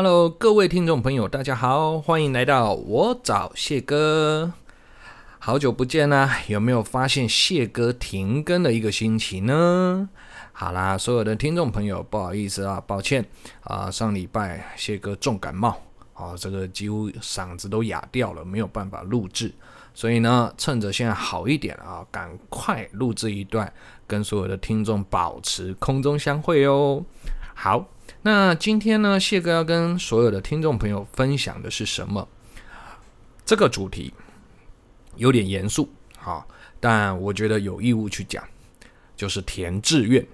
Hello，各位聽眾朋友，大家好，歡迎來到我找謝哥。好久不見啦，有沒有發現謝哥停更的一個星期呢？好啦，所有的聽眾朋友，不好意思啊，抱歉啊，上禮拜謝哥重感冒啊，這個幾乎嗓子都啞掉了，沒有辦法錄制，所以呢，趁着現在好一點啊，趕快錄制一段，跟所有的聽眾保持空中相會哦。好。那今天呢，謝哥要跟所有的聽眾朋友分享的是什麼？這個主題有點嚴肅啊，但我覺得有義務去講，就是填志願。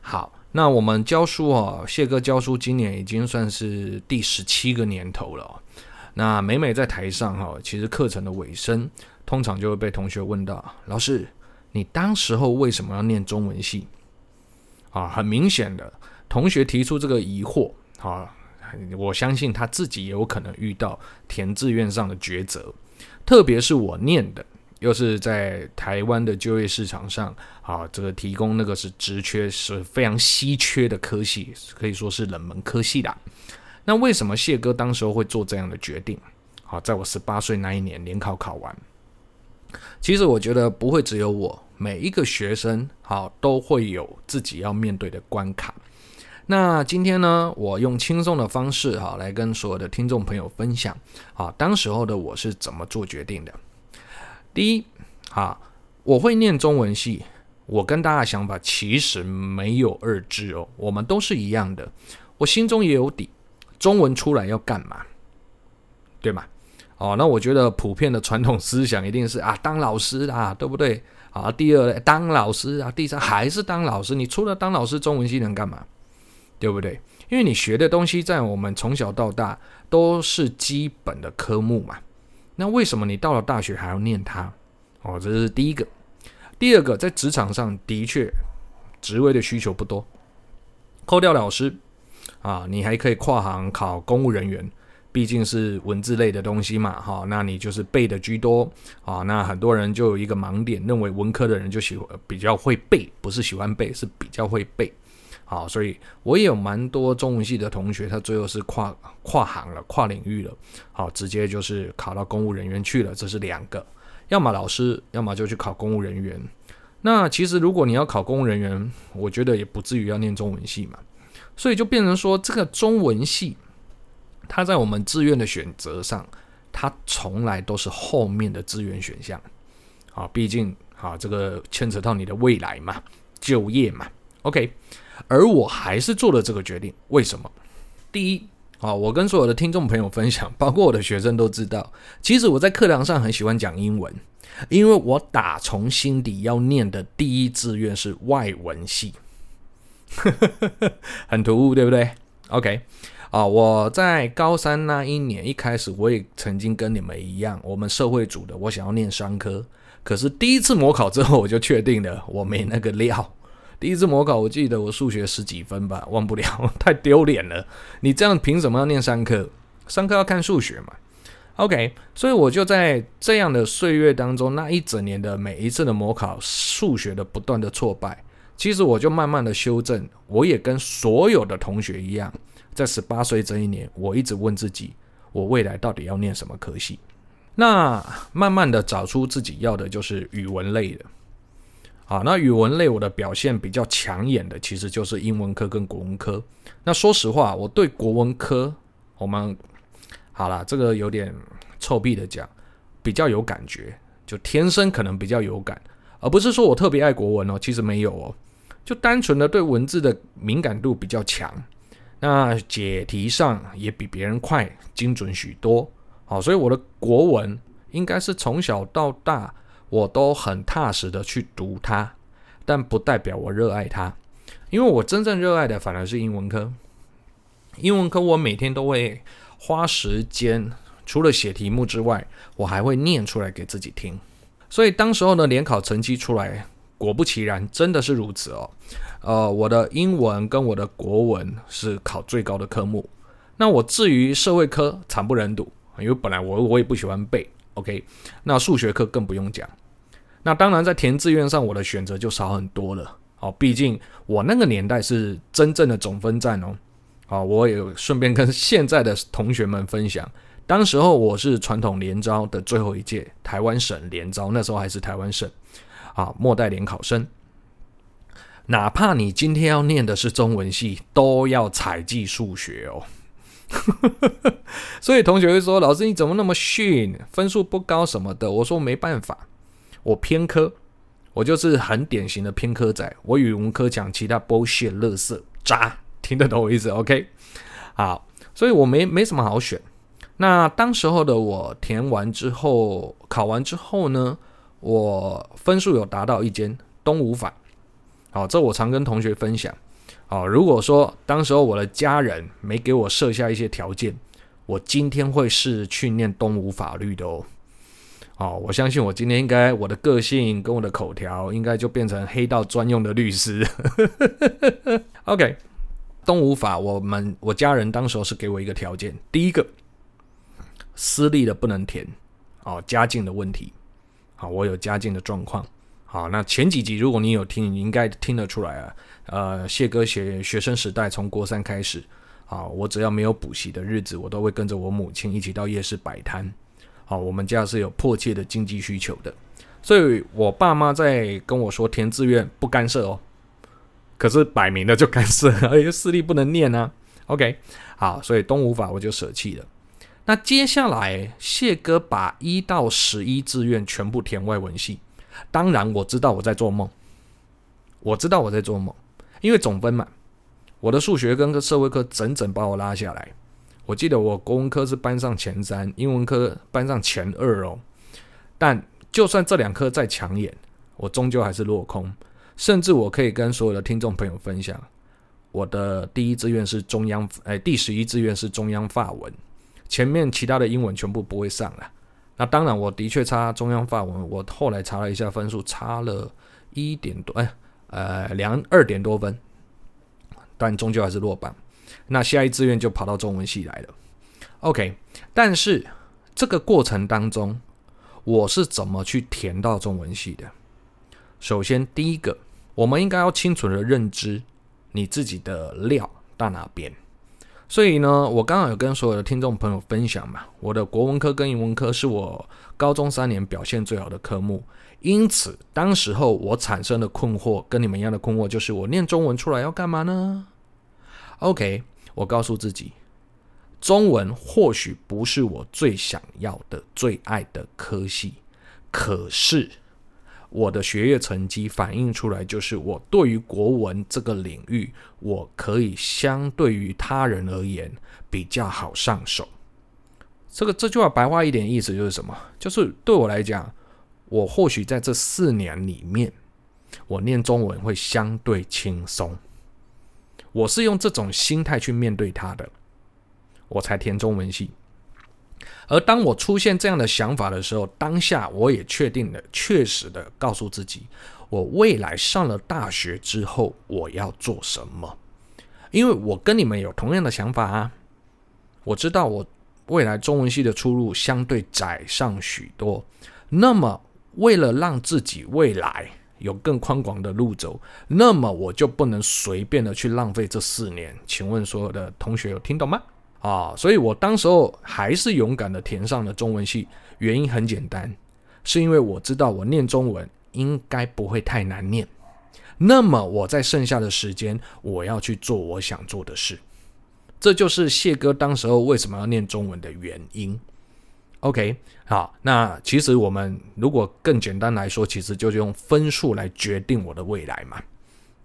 好，那我們教書哦、啊，謝哥教書今年已經算是第十七個年頭了。那每每在台上哈、啊，其實課程的尾聲，通常就會被同學問到：“老師，你當時候為什麼要念中文系？”啊，很明顯的。同學提出這個疑惑，好、啊，我相信他自己也有可能遇到填志願上的抉擇，特別是我念的又是在台灣的就業市場上，啊，這個提供那個是職缺是非常稀缺的科系，可以說是冷門科系啦。那為什麼謝哥當時候會做這樣的決定？好、啊，在我十八歲那一年聯考考完，其實我覺得不會只有我，每一個學生好、啊、都會有自己要面對的關卡。那今天呢，我用輕鬆的方式哈、啊，來跟所有的聽眾朋友分享啊，當時候的我是怎麼做決定的？第一啊，我會念中文系，我跟大家想法其實沒有二致哦，我們都是一樣的，我心中也有底，中文出來要幹嘛？對嗎？哦，那我覺得普遍的傳統思想一定是啊，當老師啦，對不對？啊，第二，當老師啊，第三還是當老師，你除了當老師，中文系能幹嘛？對不對？因為你學的東西在我們從小到大都是基本的科目嘛。那為什麼你到了大學還要念它？哦，這是第一個。第二個，在職場上的確職位的需求不多，扣掉老師啊，你還可以跨行考公務人員，畢竟是文字類的東西嘛。哈、哦，那你就是背的居多啊、哦。那很多人就有一個盲點，認為文科的人就喜比較會背，不是喜歡背，是比較會背。好，所以我也有蠻多中文系的同學，他最後是跨跨行了，跨領域了，好，直接就是考到公務人員去了。這是兩個，要麼老師，要麼就去考公務人員。那其實如果你要考公務人員，我覺得也不至於要念中文系嘛。所以就變成說，這個中文系，它在我們志願的選擇上，它從來都是後面的志願選項。啊，畢竟啊，這個牽扯到你的未來嘛，就業嘛。OK。而我還是做了這個決定，為什麼？第一啊，我跟所有的聽眾朋友分享，包括我的學生都知道，其實我在課堂上很喜歡講英文，因為我打從心底要念的第一志願是外文系， 很突兀，對不對？OK 啊，我在高三那一年一開始，我也曾經跟你們一樣，我們社會組的，我想要念商科，可是第一次模考之後我就確定了，我沒那個料。第一次模考，我記得我數學十幾分吧，忘不了，太丟臉了。你這樣憑什麼要念三科？三科要看數學嘛？OK，所以我就在這樣的歲月當中，那一整年的每一次的模考，數學的不斷的挫敗，其實我就慢慢的修正。我也跟所有的同學一樣，在十八歲這一年，我一直問自己，我未來到底要念什麼科系？那慢慢的找出自己要的就是語文類的。好，那語文類我的表現比較搶眼的，其實就是英文科跟國文科。那說實話，我對國文科，我們好了，這個有點臭屁的講，比較有感覺，就天生可能比較有感，而不是說我特別愛國文哦，其實沒有哦，就單純的對文字的敏感度比較強，那解題上也比別人快，精準許多。好，所以我的國文應該是從小到大。我都很踏實的去讀它，但不代表我熱愛它，因為我真正熱愛的反而是英文科。英文科我每天都會花時間，除了寫題目之外，我還會唸出來給自己聽。所以當時候呢，聯考成績出來，果不其然，真的是如此哦。呃，我的英文跟我的國文是考最高的科目，那我至於社會科慘不忍睹，因為本來我我也不喜歡背。OK，那數學科更不用講。那當然，在填志願上，我的選擇就少很多了。哦，畢竟我那個年代是真正的總分戰哦。啊，我也順便跟現在的同學們分享，當時候我是傳統聯招的最後一屆台灣省聯招，那時候還是台灣省。啊，末代聯考生，哪怕你今天要念的是中文系，都要採計數學哦。 所以同學會說：“老師你怎麼那麼遜，分數不高什麼的？”我說沒辦法。我偏科，我就是很典型的偏科仔。我語文科講其他 bullshit、樂色渣，聽得懂我意思？OK，好，所以我沒沒什麼好選。那當時候的我填完之後，考完之後呢，我分數有達到一間東吳法。好、哦，這我常跟同學分享。哦，如果說當時候我的家人沒給我設下一些條件，我今天會是去念東吳法律的哦。哦，我相信，我今天應該我的個性跟我的口條應該就變成黑道專用的律師。 OK，東吳法，我們我家人當時候是給我一個條件，第一個私立的不能填，哦，家境的問題，啊我有家境的狀況。好，那前幾集如果你有聽，你應該聽得出來啊。呃，謝哥學學生時代從國三開始，啊我只要沒有補習的日子，我都會跟着我母親一起到夜市擺攤。好，我們家是有迫切的經濟需求的，所以我爸媽在跟我說填志願不干涉哦，可是擺明了就干涉，而且私立不能念呢、啊。OK，好，所以東吳法我就捨棄了。那接下來謝哥把一到十一志願全部填外文系，當然我知道我在做夢，我知道我在做夢，因為總分嘛，我的數學跟社會科整整把我拉下來。我記得我國文科是班上前三，英文科班上前二哦。但就算這兩科再搶眼，我終究還是落空。甚至我可以跟所有的聽眾朋友分享，我的第一志願是中央，哎，第十一志願是中央法文，前面其他的英文全部不會上了。那當然，我的確差中央法文，我後來查了一下分數，差了一點多，哎，呃，兩，二點多分，但終究還是落榜。那下一志願就跑到中文系來了。OK，但是這個過程當中，我是怎麼去填到中文系的？首先，第一個，我們應該要清楚的認知你自己的料到哪邊。所以呢，我剛好有跟所有的聽眾朋友分享嘛，我的國文科跟英文科是我高中三年表現最好的科目，因此當時候我產生的困惑跟你們一樣的困惑，就是我念中文出來要幹嘛呢？OK。我告訴自己，中文或許不是我最想要的、最愛的科系，可是我的學業成績反映出來，就是我對於國文這個領域，我可以相對於他人而言比較好上手。這個這句話白話一點意思就是什麼？就是對我來講，我或許在這四年裡面，我念中文會相對輕鬆。我是用這種心態去面對他的，我才填中文系。而當我出現這樣的想法的時候，當下我也確定了、確實的告訴自己，我未來上了大學之後我要做什麼。因為我跟你們有同樣的想法啊。我知道我未來中文系的出路相對窄上許多，那麼為了讓自己未來，有更寬廣的路走，那麼我就不能隨便的去浪費這四年。請問所有的同學有聽懂嗎？啊，所以我當時候還是勇敢的填上了中文系，原因很簡單，是因為我知道我念中文應該不會太難念。那麼我在剩下的時間，我要去做我想做的事，這就是謝哥當時候為什麼要念中文的原因。OK，好，那其實我們如果更簡單來說，其實就是用分數來決定我的未來嘛，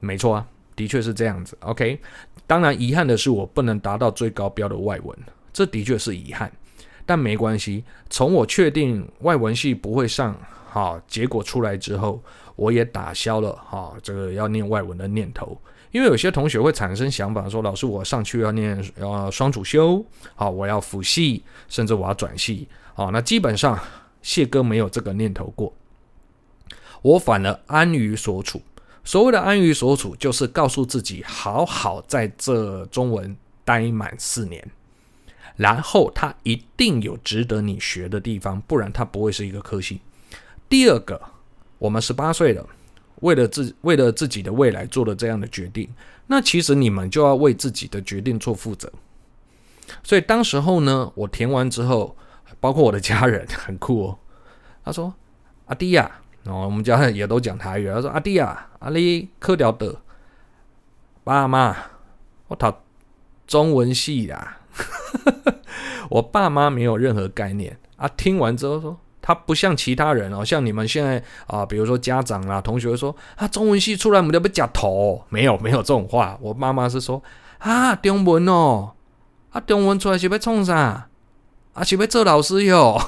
沒錯啊，的確是這樣子。OK，當然遺憾的是我不能達到最高標的外文，這的確是遺憾，但沒關係。從我確定外文系不會上，哦、結果出來之後，我也打消了哈、哦、這個要念外文的念頭，因為有些同學會產生想法說，老師我上去要念、呃、雙主修，好、哦，我要輔系，甚至我要轉系。好、哦，那基本上謝哥沒有這個念頭過，我反而安於所處。所謂的安於所處，就是告訴自己好好在這中文待滿四年，然後他一定有值得你學的地方，不然他不會是一個科系。第二個，我們十八歲了，為了自為了自己的未來做了這樣的決定，那其實你們就要為自己的決定做負責。所以當時候呢，我填完之後。包括我的家人很酷哦，他說：“阿弟呀、啊哦，我們家人也都講台語。”他說：“阿弟呀、啊，阿里克屌的，爸媽，我討中文系呀， 我爸媽沒有任何概念啊。”聽完之後說：“他不像其他人哦，像你們現在啊，比如說家長啦、同學說啊，中文系出來我們要不夾頭？沒有沒有這種話。我媽媽是說啊，中文哦，啊，中文出來是要創啥？”啊，豈會這老師喲？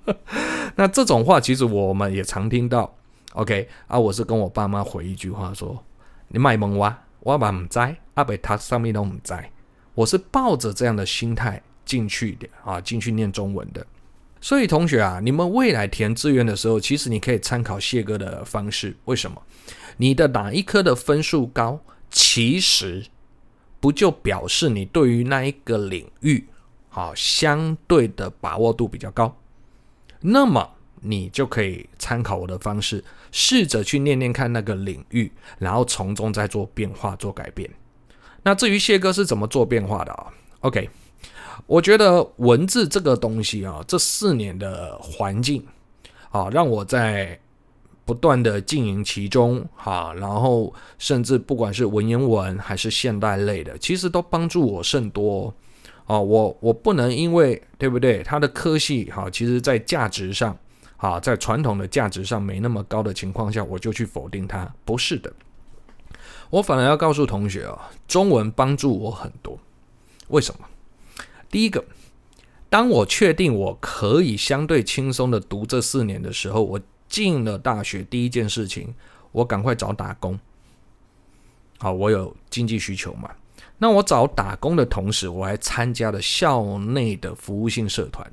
那這種話其實我們也常聽到。OK，啊，我是跟我爸媽回一句話說：“你賣萌哇，我要把木摘，阿、啊、北他上面的木栽。」我是抱着這樣的心態進去的啊，進去念中文的。所以同學啊，你們未來填志願的時候，其實你可以參考謝哥的方式。為什麼？你的哪一科的分數高，其實不就表示你對於那一個領域？好，相對的把握度比較高，那麼你就可以參考我的方式，試着去念念看那個領域，然後從中再做變化、做改變。那至於謝哥是怎麼做變化的啊？OK，我覺得文字這個東西啊，這四年的環境啊，讓我在不斷的經營其中哈、啊，然後甚至不管是文言文還是現代類的，其實都幫助我甚多。哦，我我不能因為對不對，他的科系哈，其實在價值上，好在傳統的價值上沒那麼高的情況下，我就去否定他。不是的。我反而要告訴同學啊，中文幫助我很多。為什麼？第一個，當我確定我可以相對輕鬆的讀這四年的時候，我進了大學，第一件事情，我趕快找打工。好，我有經濟需求嘛。那我找打工的同時，我還參加了校內的服務性社團。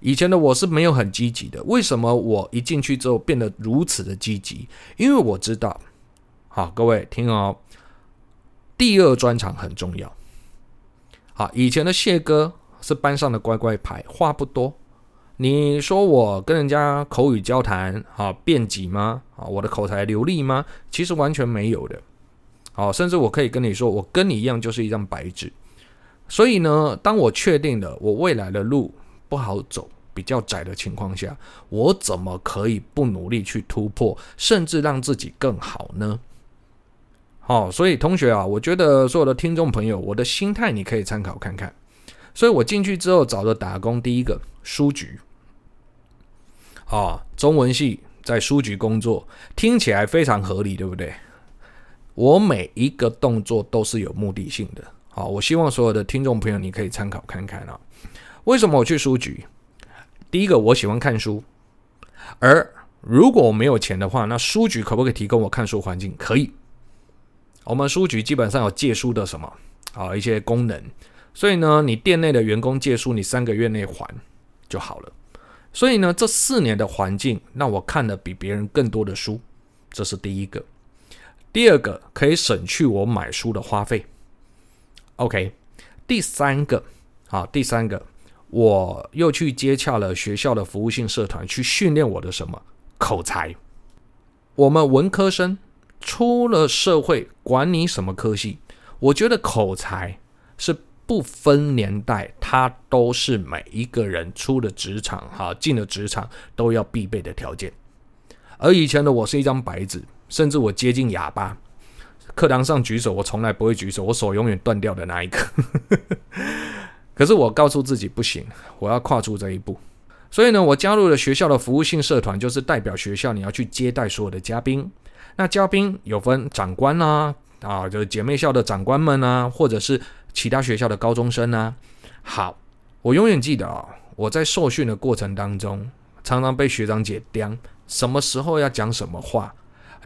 以前的我是沒有很積極的，為什麼我一進去之後變得如此的積極？因為我知道，好，各位聽哦，第二專長很重要。好，以前的謝哥是班上的乖乖牌，話不多。你說我跟人家口語交談，好，辯解嗎？啊，我的口才流利嗎？其實完全沒有的。好，甚至我可以跟你說，我跟你一樣，就是一張白紙。所以呢，當我確定了我未來的路不好走，比較窄的情況下，我怎麼可以不努力去突破，甚至讓自己更好呢？好、哦，所以同學啊，我覺得所有的聽眾朋友，我的心態你可以參考看看。所以我進去之後找的打工，第一個書局啊、哦，中文系在書局工作，聽起來非常合理，對不對？我每一個動作都是有目的性的，好，我希望所有的聽眾朋友，你可以參考看看啊。為什麼我去書局？第一個，我喜歡看書，而如果我沒有錢的話，那書局可不可以提供我看書環境？可以，我們書局基本上有借書的什麼啊一些功能，所以呢，你店內的員工借書，你三個月內還就好了。所以呢，這四年的環境讓我看了比別人更多的書，這是第一個。第二個，可以省去我買書的花費。OK，第三個，好、啊，第三個，我又去接洽了學校的服務性社團，去訓練我的什麼口才。我們文科生出了社會，管你什麼科系，我覺得口才是不分年代，它都是每一個人出了職場，哈、啊，進了職場都要必備的條件。而以前的我是一張白紙。甚至我接近啞巴，課堂上舉手，我從來不會舉手，我手永遠斷掉的那一刻。 可是我告訴自己不行，我要跨出這一步。所以呢，我加入了學校的服務性社團，就是代表學校，你要去接待所有的嘉賓。那嘉賓有分長官吶，啊，啊，就是姐妹校的長官們吶、啊，或者是其他學校的高中生吶、啊。好，我永遠記得啊、哦，我在受訓的過程當中，常常被學長姐刁什麼時候要講什麼話。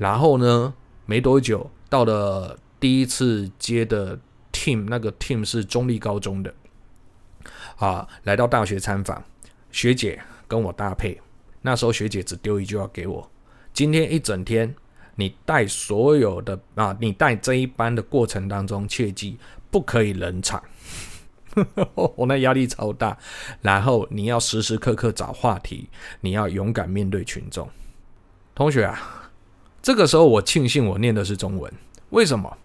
然後呢，沒多久到了第一次接的 team，那個 team 是中立高中的，啊，來到大學參訪，學姐跟我搭配。那時候學姐只丟一句話給我：今天一整天，你帶所有的，啊，你帶這一班的過程當中，切記不可以冷場。 我那壓力超大。然後你要時時刻刻找話題，你要勇敢面對群眾同學啊。這個時候，我慶幸我念的是中文。為什麼？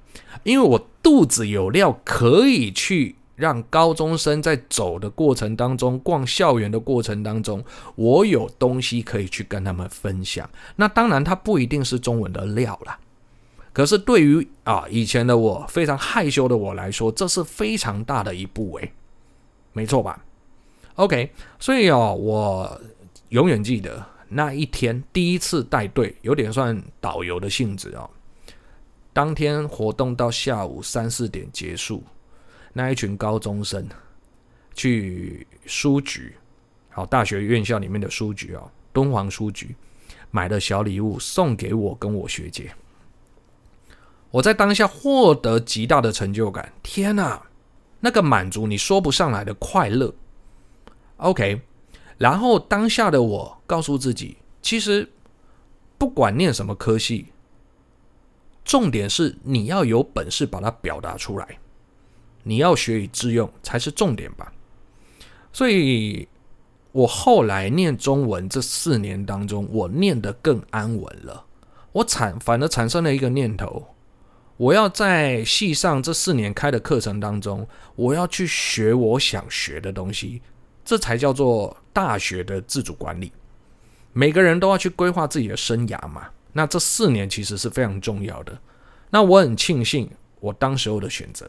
因為我肚子有料，可以去讓高中生在走的過程當中，逛校園的過程當中，我有東西可以去跟他們分享。那當然，它不一定是中文的料啦，可是，對於啊以前的我非常害羞的我來說，這是非常大的一步誒。沒錯吧？OK，所以哦，我永遠記得。那一天第一次帶隊，有點算導遊的性質哦，當天活動到下午三四點結束，那一群高中生去書局，好大學院校裡面的書局啊、哦，敦煌書局，買的小禮物送給我跟我學姐。我在當下獲得極大的成就感，天啊，那個滿足你說不上來的快樂。OK。然後，當下的我告訴自己，其實不管念什麼科系，重點是你要有本事把它表達出來，你要學以致用才是重點吧。所以，我後來念中文這四年當中，我念得更安穩了。我產，反而產生了一個念頭，我要在系上這四年開的課程當中，我要去學我想學的東西。這才叫做大學的自主管理。每個人都要去規劃自己的生涯嘛。那這四年其實是非常重要的。那我很慶幸我當時候的選擇，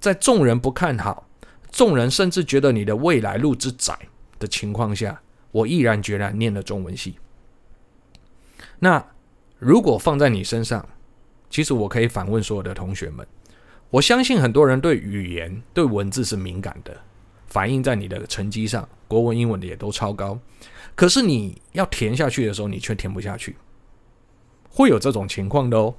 在眾人不看好、眾人甚至覺得你的未來路之窄的情況下，我毅然決然念了中文系。那如果放在你身上，其實我可以反問所有的同學們：我相信很多人對語言、對文字是敏感的。反映在你的成績上，國文、英文的也都超高，可是你要填下去的時候，你卻填不下去，會有這種情況的哦。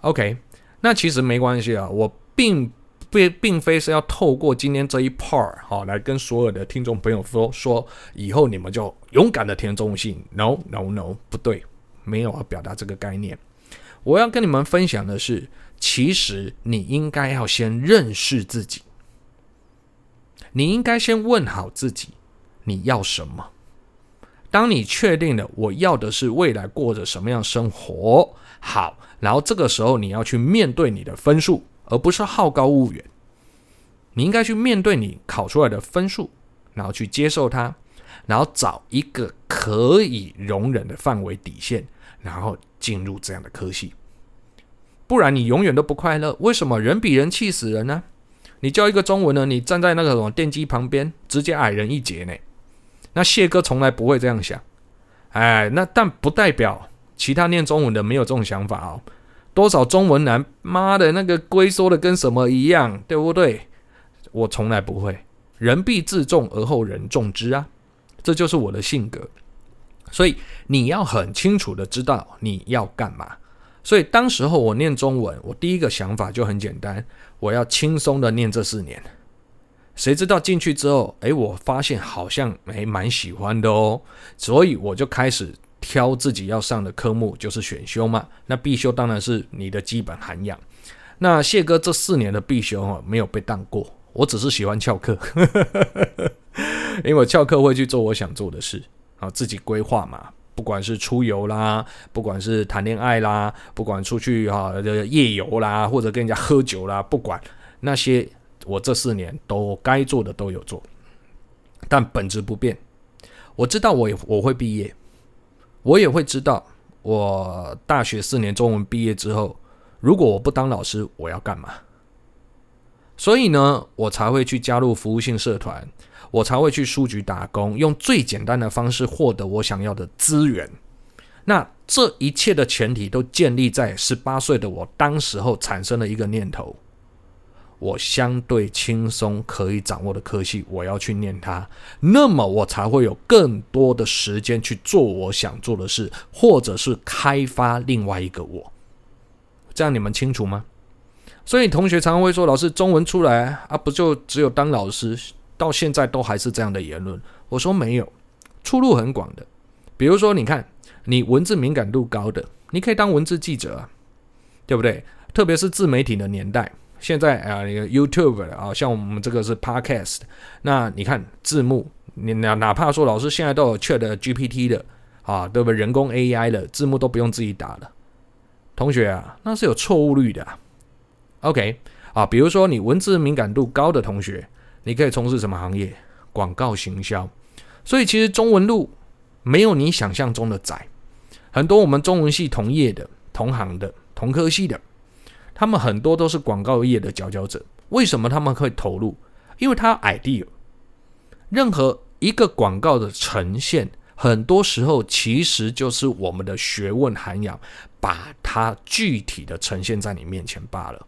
OK，那其實沒關係啊，我並並並非是要透過今天這一 part 哈、哦，來跟所有的聽眾朋友說說，以後你們就勇敢的填中文系，no no no，不對，沒有要表達這個概念。我要跟你們分享的是，其實你應該要先認識自己。你應該先問好自己，你要什麼？當你確定了我要的是未來過着什麼樣生活，好，然後這個時候你要去面對你的分數，而不是好高騖遠。你應該去面對你考出來的分數，然後去接受它，然後找一個可以容忍的範圍底線，然後進入這樣的科系。不然你永遠都不快樂，為什麼人比人氣死人呢？你教一個中文呢？你站在那個什麼電機旁邊，直接矮人一截呢？那謝哥從來不會這樣想。哎，那但不代表其他念中文的沒有這種想法哦。多少中文男，媽的那個龜縮的跟什麼一樣，對不對？我從來不會，人必自重而後人重之啊，這就是我的性格。所以你要很清楚的知道你要幹嘛。所以當時候我念中文，我第一個想法就很簡單，我要輕鬆的念這四年。誰知道進去之後，哎，我發現好像哎蠻喜歡的哦，所以我就開始挑自己要上的科目，就是選修嘛。那必修當然是你的基本涵養。那謝哥這四年的必修哦，沒有被當過，我只是喜歡翹課， 因為翹課會去做我想做的事啊，自己規劃嘛。不管是出遊啦，不管是談戀愛啦，不管出去哈、啊、夜遊啦，或者跟人家喝酒啦，不管那些，我這四年都該做的都有做，但本質不變。我知道我我會畢業，我也會知道我大學四年中文畢業之後，如果我不當老師，我要幹嘛？所以呢，我才會去加入服務性社團。我才會去書局打工，用最簡單的方式獲得我想要的資源。那這一切的前提都建立在十八歲的我當時候產生了一個念頭：我相對輕鬆可以掌握的科系，我要去念它。那麼，我才會有更多的時間去做我想做的事，或者是開發另外一個我。這樣你們清楚嗎？所以，同學常常會說：“老師，中文出來啊，不就只有當老師？”到現在都還是這樣的言論。我說沒有，出路很廣的。比如說，你看，你文字敏感度高的，你可以當文字記者啊，對不對？特別是自媒體的年代，現在啊，那個 YouTube 啊，像我們這個是 Podcast。那你看字幕，你哪哪怕說老師現在都有 ChatGPT 的啊，對不對？人工 AI 的字幕都不用自己打了。同學啊，那是有錯誤率的啊。OK 啊，比如說你文字敏感度高的同學。你可以從事什麼行業？廣告行銷。所以其實中文路沒有你想象中的窄。很多我們中文系同業的、同行的、同科系的，他們很多都是廣告業的佼佼者。為什麼他們會投入？因為他有 idea。任何一個廣告的呈現，很多時候其實就是我們的學問涵養，把它具體的呈現在你面前罷了。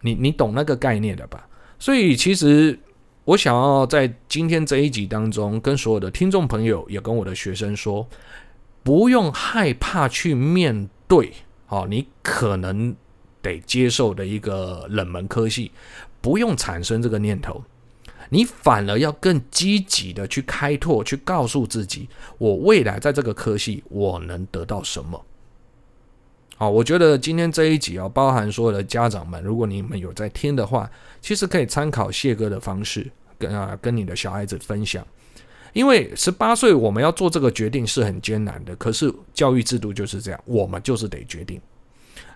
你你懂那個概念的吧？所以，其實我想要在今天這一集當中，跟所有的聽眾朋友，也跟我的學生說，不用害怕去面對，哦，你可能得接受的一個冷門科系，不用產生這個念頭，你反而要更積極的去開拓，去告訴自己，我未來在這個科系我能得到什麼。好，我覺得今天這一集哦，包含所有的家長們，如果你們有在聽的話，其實可以參考謝哥的方式，跟啊跟你的小孩子分享，因為十八歲我們要做這個決定是很艱難的，可是教育制度就是這樣，我們就是得決定。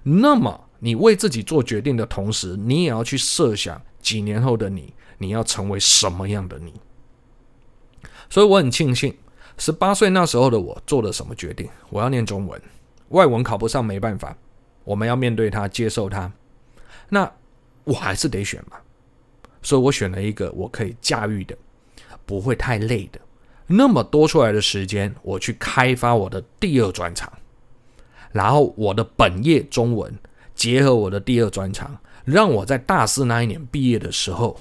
那麼你為自己做決定的同時，你也要去設想幾年後的你，你要成為什麼樣的你。所以我很慶幸，十八歲那時候的我做了什麼決定？我要念中文。外文考不上沒辦法，我們要面對它，接受它，那我還是得選嘛，所以我選了一個我可以駕馭的，不會太累的。那麼多出來的時間，我去開發我的第二專長，然後我的本業中文結合我的第二專長，讓我在大四那一年畢業的時候，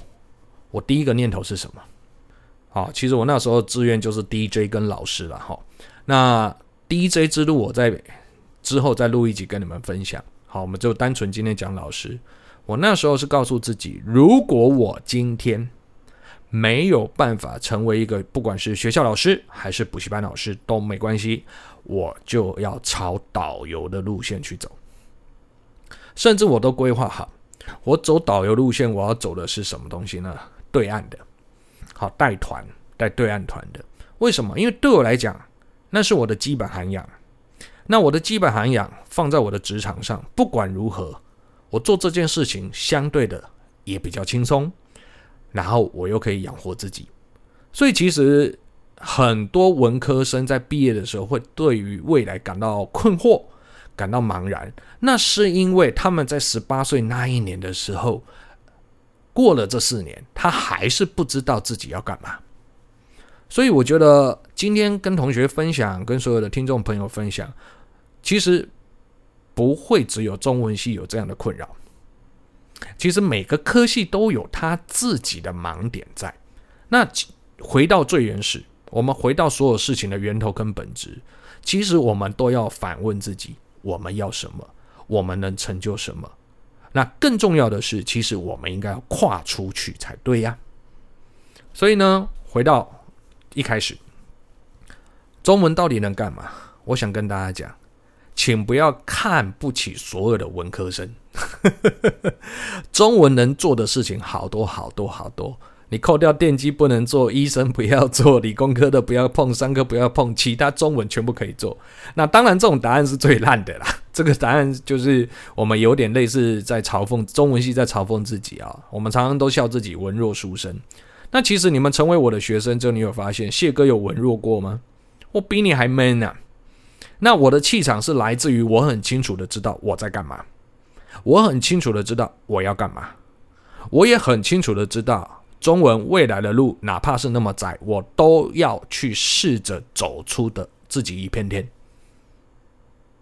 我第一個念頭是什麼？啊，其實我那時候志願就是 DJ 跟老師了哈。那 DJ 之路我在。之後再錄一集跟你們分享。好，我們就單純今天講老師。我那時候是告訴自己，如果我今天沒有辦法成為一個不管是學校老師還是補習班老師都沒關係，我就要朝導遊的路線去走。甚至我都規劃好，我走導遊路線，我要走的是什麼東西呢？對岸的。好，帶團，帶對岸團的。為什麼？因為對我來講，那是我的基本涵養。那我的基本涵養放在我的職場上，不管如何，我做這件事情相對的也比較輕鬆，然後我又可以養活自己。所以其實很多文科生在畢業的時候會對於未來感到困惑，感到茫然，那是因為他們在十八歲那一年的時候，過了這四年，他還是不知道自己要幹嘛。所以我覺得今天跟同學分享，跟所有的聽眾朋友分享，其實不會只有中文系有這樣的困擾。其實每個科系都有他自己的盲點在。那回到最原始，我們回到所有事情的源頭跟本質，其實我們都要反問自己：我們要什麼？我們能成就什麼？那更重要的是，其實我們應該要跨出去才對呀、啊。所以呢，回到。一開始，中文到底能幹嘛？我想跟大家講，請不要看不起所有的文科生。 中文能做的事情好多好多好多。你扣掉電機不能做，醫生不要做，理工科的不要碰，商科不要碰，其他中文全部可以做。那當然，這種答案是最爛的啦。這個答案就是我們有點類似在嘲諷中文系在嘲諷自己啊、喔。我們常常都笑自己文弱書生。那其實你們成為我的學生之後，你有發現謝哥有文弱過嗎？我比你還 man 呢、啊。那我的氣場是來自於我很清楚的知道我在幹嘛，我很清楚的知道我要幹嘛，我也很清楚的知道中文未來的路，哪怕是那麼窄，我都要去試着走出的自己一片天。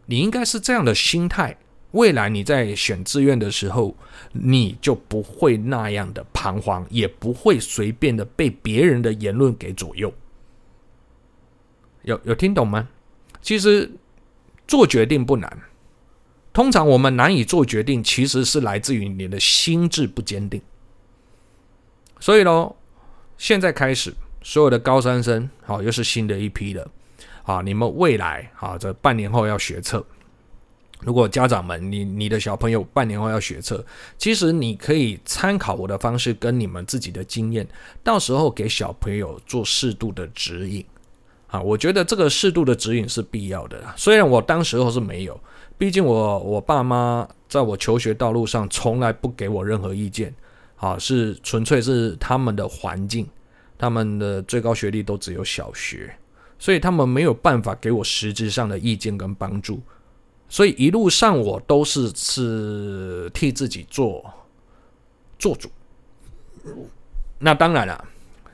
你應該是這樣的心態。未來你在選志願的時候，你就不會那樣的彷徨，也不會隨便的被別人的言論給左右。有有聽懂嗎？其實做決定不難，通常我們難以做決定，其實是來自於你的心智不堅定。所以咯，現在開始，所有的高三生，好、哦，又是新的一批了，好、啊，你們未來，好、啊，這半年後要學測。如果家長們，你你的小朋友半年後要學測，其實你可以參考我的方式，跟你們自己的經驗，到時候給小朋友做適度的指引，啊，我覺得這個適度的指引是必要的。雖然我當時候是沒有，畢竟我我爸媽在我求學道路上從來不給我任何意見，啊，是純粹是他們的環境，他們的最高學歷都只有小學，所以他們沒有辦法給我實質上的意見跟幫助。所以一路上我都是是替自己做做主。那當然了，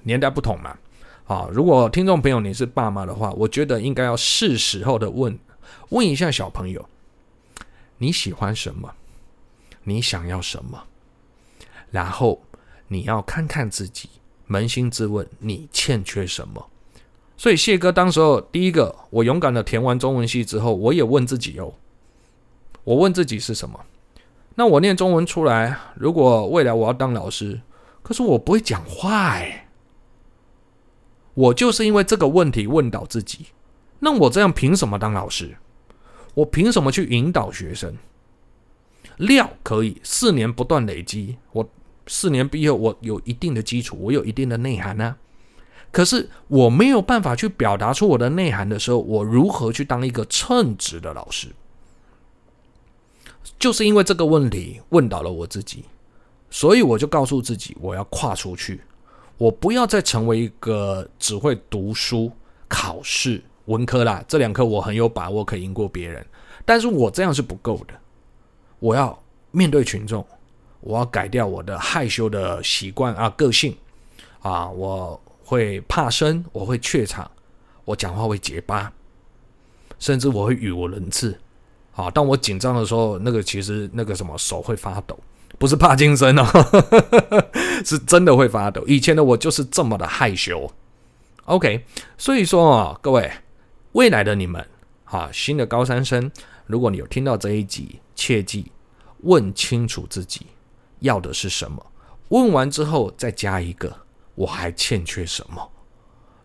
年代不同嘛。啊，如果聽眾朋友你是爸媽的話，我覺得應該要是時候的問問一下小朋友，你喜歡什麼？你想要什麼？然後你要看看自己，捫心自問，你欠缺什麼？所以謝哥當時候第一個，我勇敢的填完中文系之後，我也問自己哦。我問自己是什麼？那我念中文出來，如果未來我要當老師，可是我不會講話哎！我就是因為這個問題問倒自己。那我這樣憑什麼當老師？我憑什麼去引導學生？料可以四年不斷累積，我四年畢業，我有一定的基礎，我有一定的內涵呢、啊。可是我沒有辦法去表達出我的內涵的時候，我如何去當一個稱職的老師？就是因為這個問題問倒了我自己，所以我就告訴自己，我要跨出去，我不要再成為一個只會讀書、考試、文科啦，這兩科我很有把握可以贏過別人，但是我這樣是不夠的。我要面對群眾，我要改掉我的害羞的習慣啊，個性啊，我會怕生，我會怯場，我講話會結巴，甚至我會語無倫次。啊！當我緊張的時候，那個其實那個什麼手會發抖，不是帕金森哦，啊、是真的會發抖。以前的我就是這麼的害羞。OK，所以說啊，各位未來的你們，啊，新的高三生，如果你有聽到這一集，切記問清楚自己要的是什麼。問完之後再加一個，我還欠缺什麼？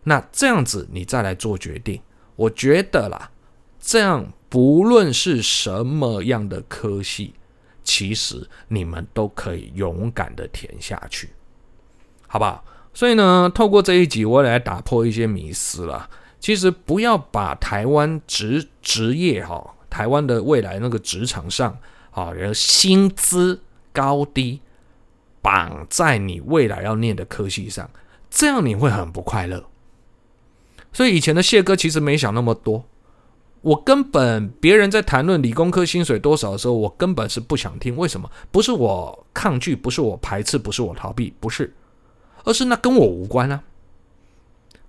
那這樣子你再來做決定。我覺得啦，這樣。不論是什麼樣的科系，其實你們都可以勇敢的填下去，好不好？所以呢，透過這一集，我來打破一些迷思啦。其實不要把台灣職職業哈、哦，台灣的未來那個職場上啊，然後薪資高低綁在你未來要念的科系上，這樣你會很不快樂。所以以前的謝哥其實沒想那麼多。我根本別人在談論理工科薪水多少的時候，我根本是不想聽。為什麼？不是我抗拒，不是我排斥，不是我逃避，不是，而是那跟我無關啊。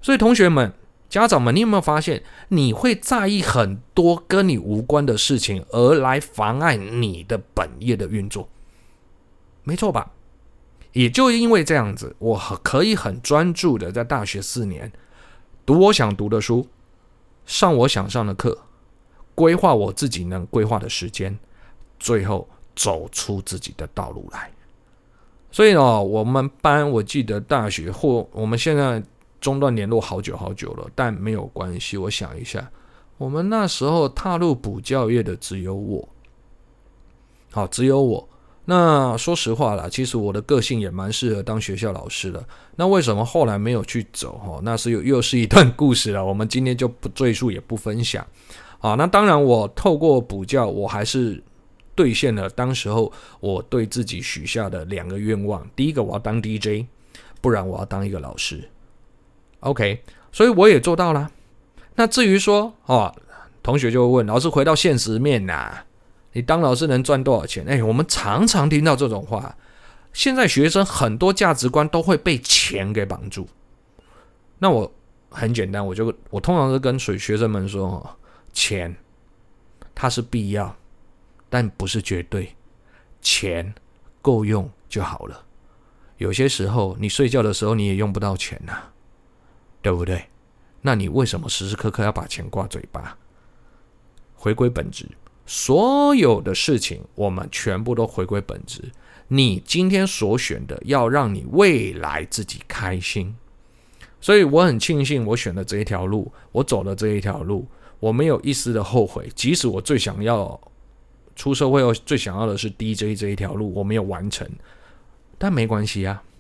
所以同學們、家長們，你有沒有發現，你會在意很多跟你無關的事情，而來妨礙你的本業的運作？沒錯吧？也就因為這樣子，我可以很專注的在大學四年讀我想讀的書。上我想上的課，規劃我自己能規劃的時間，最後走出自己的道路來。所以呢、哦，我們班我記得大學或我們現在中斷聯絡好久好久了，但沒有關係。我想一下，我們那時候踏入補教業的只有我，好、哦，只有我。那說實話啦，其實我的個性也蠻適合當學校老師的。那為什麼後來沒有去走？哈，那是又又是一段故事了。我們今天就不贅述，也不分享。啊，那當然，我透過補教，我還是兌現了當時候我對自己許下的兩個願望。第一個，我要當 DJ，不然我要當一個老師。OK，所以我也做到了。那至於說，哦、啊，同學就問老師，回到現實面吶、啊？你當老師能賺多少錢？哎，我們常常聽到這種話。現在學生很多價值觀都會被錢給綁住。那我很簡單，我就我通常是跟學學生們說：錢，它是必要，但不是絕對。錢夠用就好了。有些時候你睡覺的時候你也用不到錢吶、啊，對不對？那你為什麼時時刻刻要把錢掛嘴巴？回歸本質。所有的事情，我們全部都回歸本質。你今天所選的，要讓你未來自己開心。所以我很慶幸，我選了這一條路，我走了這一條路，我沒有一絲的後悔。即使我最想要出社會後最想要的是 DJ 這一條路，我沒有完成，但沒關係呀，啊。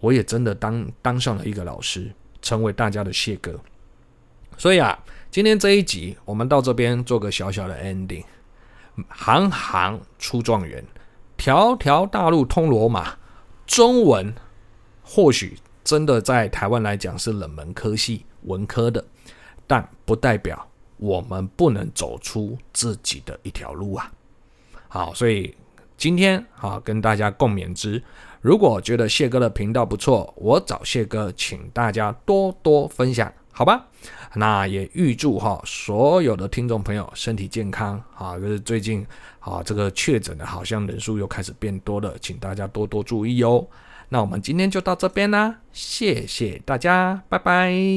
我也真的當當上了一個老師，成為大家的謝哥。所以啊。今天這一集，我們到這邊做個小小的 ending。行行出狀元，條條大路通羅馬。中文或許真的在台灣來講是冷門科系，文科的，但不代表我們不能走出自己的一條路啊！好，所以今天啊，跟大家共勉之。如果覺得謝哥的頻道不錯，我找謝哥，請大家多多分享。好吧，那也預祝哈、哦、所有的聽眾朋友身體健康啊！就是最近啊，這個確診的好像人數又開始變多了，請大家多多注意喲、哦。那我們今天就到這邊啦，謝謝大家，拜拜。